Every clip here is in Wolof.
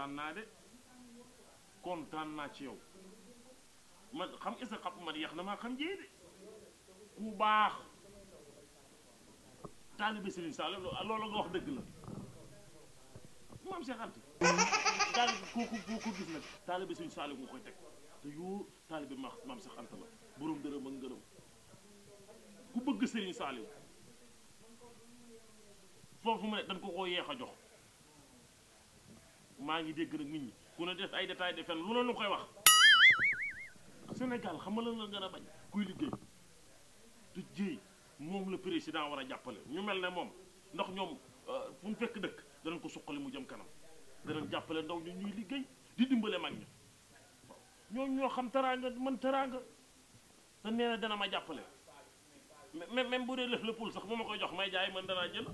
kontaan naa de kontaan naa ci yow man xam isa xam man yàq na maa xam jee de ku baax taalibe Serigne Saliou loolu nga wax dëgg la maam Cheikh Anta taalibe kooku kooku gis nag taalibe Serigne Saliou nga koy teg te yoo taalibe maam Cheikh Anta la borom dërëm ak ngërëm ku bëgg Serigne Saliou foofu mu ne ko koo yeex a jox maa ngi dégg nag nit ñi ku ne def ay détails de fen lu ne lu koy wax Sénégal xam nga lan la gën a bañ kuy liggéey du jéey moom la président war a jàppale ñu mel ne moom ndox ñoom euh, fu mu fekk dëkk danañ ko suqali mu jëm kanam danañ jàppale ndow ñu ñuy liggéey di dimbale mag ñi waaw ñoo xam teraanga man teraanga te nee dana ma jàppale même bu dee lëf la pul sax bu ma koy jox may jaay man danaa jël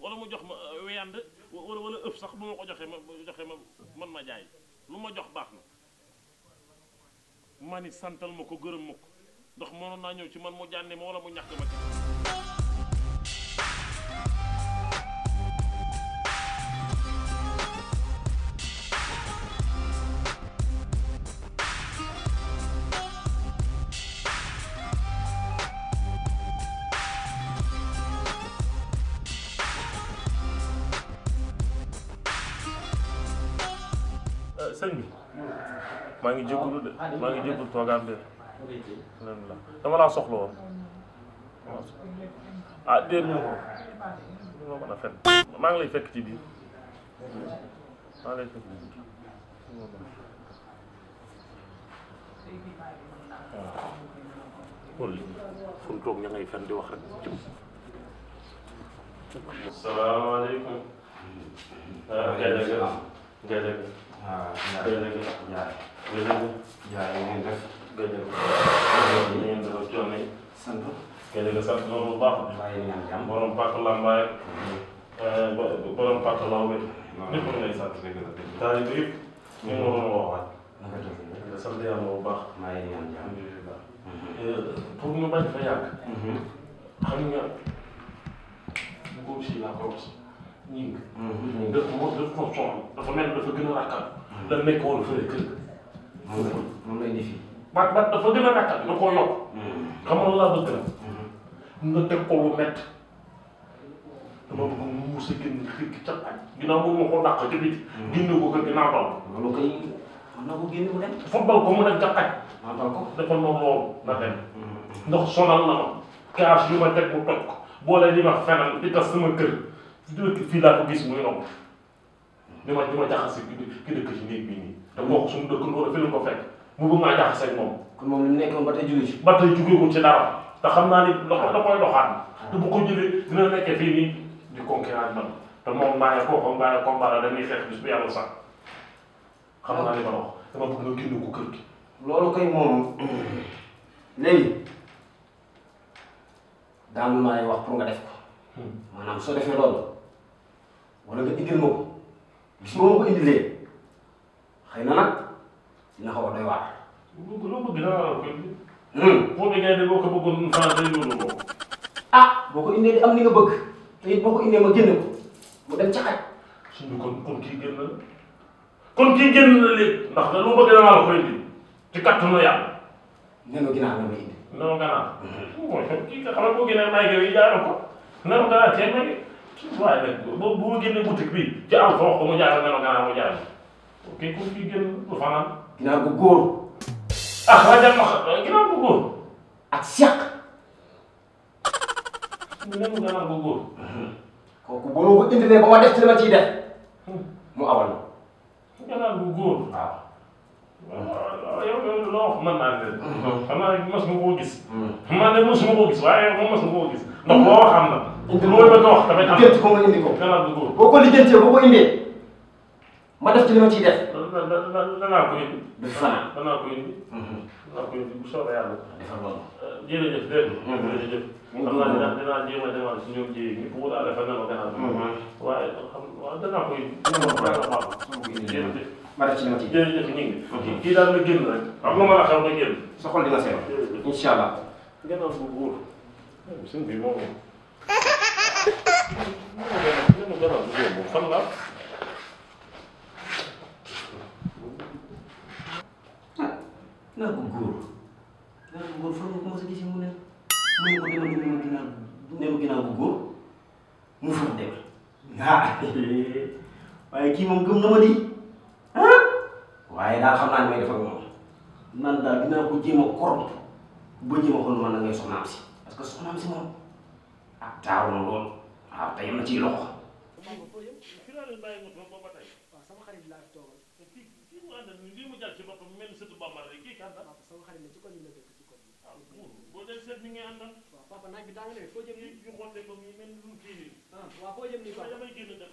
wala mu jox euh, weyand wala wala ëpp sax bu ma ko joxee ma joxe ma man ma jaay lu ma jox baax na ma ni santal ma ko gërëm ma ndox ndax mënoon naa ñëw ci man mu jànne ma wala mu ñàkk ma ci sëñ bi maa ngi jégalu de maa ngi jégalu toogaan de alhamdulilah dama laa soxla woon ah déet mu ko ma mën a fen maa ngi lay fekk ci biir maa ngi lay fekk ci biir waaw fu mu toog di wax rek jëm salaamaaleykum. ah Gajaga Gajaga waaw Ndiaye Ndiaye. Ndiaye ngeen def. gëj na ko. ñu ngi doon coono yi. sant. gëj na ko sant loolu bu baax. waaye ñu ngi am borom pàkk lambaay. borom pàkk lawbe. lépp lu ngay sant. taalibe bi yëpp. ñu ngi waroon waxaat. sant yàlla bu baax. maa ngi ñaan jàmm. pour ñu bañ fa yàgg. xam nga. bu ko si laa ko ñii. def moo def moo sonal dafa mel dafa gën a rakkal. dañ nekk woon fële kër. moom la moom la indi fii. ba ba dafa gën a rakkal da koo yokk. xam nga laa bëgg la. nga teg ko lu métti. dama bëgg mu mos a génn xir gi ca àñ. ginnaaw moom moo ko dàq ca biti. génne ko kër ginnaaw dal. loolu kay mën na ko génne mu dem. football ko mu dem ca àñ. waaw waaw ko defal ma loolu na dem. ndax sonal na ma. kaas yu ma teg mu toj ko. boole li ma fenal di tas sama kër. dëkk fii laa ko gis muy romb li ma li ma jaxase ki dëkk ci néeg bii nii te boo ko suñu dëkk loolu fi la ko fekk mu bëgg maa jaxase ak moom. kon moom nekk moom ba tey jugee ci. ba tey jugee ko ci dara te xam naa ni loxo da koy doxaat. te bu ko jëlee dina nekkee fii nii di concurrence man te moom mbaa ya kooku mbaa ya combat la naa li ma wax dama bëgg ko kër gi. loolu def ko hmm. loolu. wala nga indil ma ko bis ma ma ko indilee xëy na nag dina xaw a doy waar. bu loo bëgg naa la ko indi. moom it kay boo ko bëggoon faral di ah boo ko indee di am nga bëgg te it boo ma génn ko mu dem ca xaj. kon kon kii génn la kon kii génn la lépp ndax da loo bëgg naa la ko indi ci kattanu yàlla. nee na ginaar la may indi. nee na ganaar. Hmm. kii nga xam ne boo génnee maa ngi koy jaaree ko nee na ganaar waaye nag boo boo génnee boutique bi ci am foo ko mu jaar melo ganaar mu jaar ok ku fi gën du fanaan. ginaar bu góor. ah rajo ma ginaar bu góor. ak seq. melu ganaar bu góor. kooku bu ma ko indilee ba ma def ci li ma ciy def hmm. mu awal la. ganaar bu góor waaw. waaw ah, ah, yow yow loo wax mën naa leen. xam naa mos nga koo gis. xam naa ne mos nga koo gis hmm. waaye moom mos nga koo gis. Hmm. ndax boo xam na. indi mooy bëgg a wax damay am gént ko nga indi ko. boo ko lijjantee boo ko indee ma def ci li ma ciy def. danaa ko indi. du fanaan danaa ko indi. Mhm. danaa ko indi bu soobee yàlla. Ah, defal loolu. Euh, jërëjëf dégg nga. Mhm. jërëjëf. xam naa dinaa dinaa jéem a demal si ñoom ji ñëpp wut àll fa nama gannaaw. Mhm. waaye xam waaw danaa ko indi. jërëjëf. ma def ci li ma ciy def jërëjëf ñu ngi. kii daal nga génn rek. xam nga mën a xew nga génn. sa xol dina seet. incha allah. gannaaw bu buur. suñ bi moom dara bu yomb fan la naa ko góor naa ko góor fan nga ko mos a gisee mu ne mu ko demal mu ne ginnaaw ne ma ginnaaw bu góor mu fa dem ah waaye kii moom gëm na ma di ah waaye daal xam naa ni may def ak moom nan daal dinaa ko jéem a si parce que soxnaam si moom ah taaru na lool waaw tey naa leen bàyyi wut ba ba tey. waaw sama xarit laa fi toogal. te kii a mu àndal lii mu jàll ci boppam mel ni sëtu bambara rek kii kan la. a sama xarit la ci koñ la dëkk ci koñ bi. waaw ah, boo dee seet ni ngay àndal. waaw papa naaj bi daa nga demee foo jëm nii. yu xotee ko mii mel ni lu kii nii. Ah, waaw foo jëm nii quoi damay génn